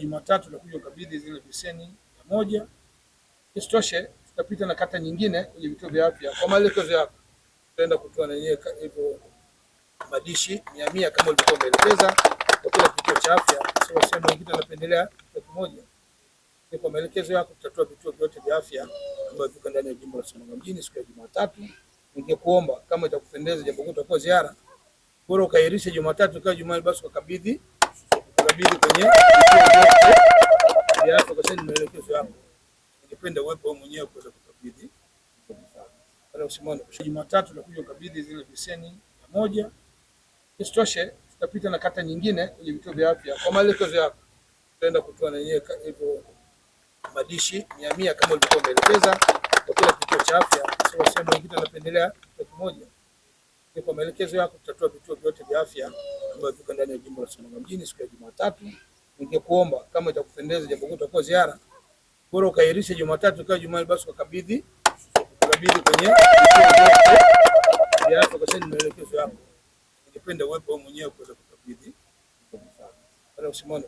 Jumatatu tutakuja kukabidhi zile beseni mia moja. Isitoshe tutapita na kata nyingine kwenye vituo vya afya kwa maelekezo yako, tutaenda kutoa na yeye hivyo madishi mia mia kama ulivyokuwa umeelekeza kwa kila kituo cha afya. Sio sema wengine wanapendelea elfu moja. Ni kwa maelekezo yako tutatoa vituo vyote vya afya ambavyo viko ndani ya jimbo la Sonoma mjini siku ya Jumatatu. Ningekuomba kama itakupendeza, japokuwa utakuwa ziara, bora ukairishe Jumatatu kwa Jumatatu basi ukakabidhi subiri kwenye ningependa uwepo wewe mwenyewe kuweza kukabidhi. Jumatatu kukabidhi zile beseni moja. Isitoshe tutapita na kata nyingine kwenye vituo vya afya kwa maelekezo yako, tutaenda kutoa na yeye hivyo madishi mia mia kama ulivyokuwa umeelekeza kwa kila kituo cha afya. sema ni kwa maelekezo yako tutatoa vituo vyote vya afya ambavyo viko ndani ya jimbo la Sumbawanga mjini siku ya Jumatatu. Ningekuomba kama itakupendeza, japo utakuwa ziara, bora ukairisha Jumatatu kwa Jumaa, basi ukakabidhi ukakabidhi kwenye ya kwa sababu maelekezo yako. Ningependa uwepo wewe mwenyewe kuweza kukabidhi. Kwa hiyo usimone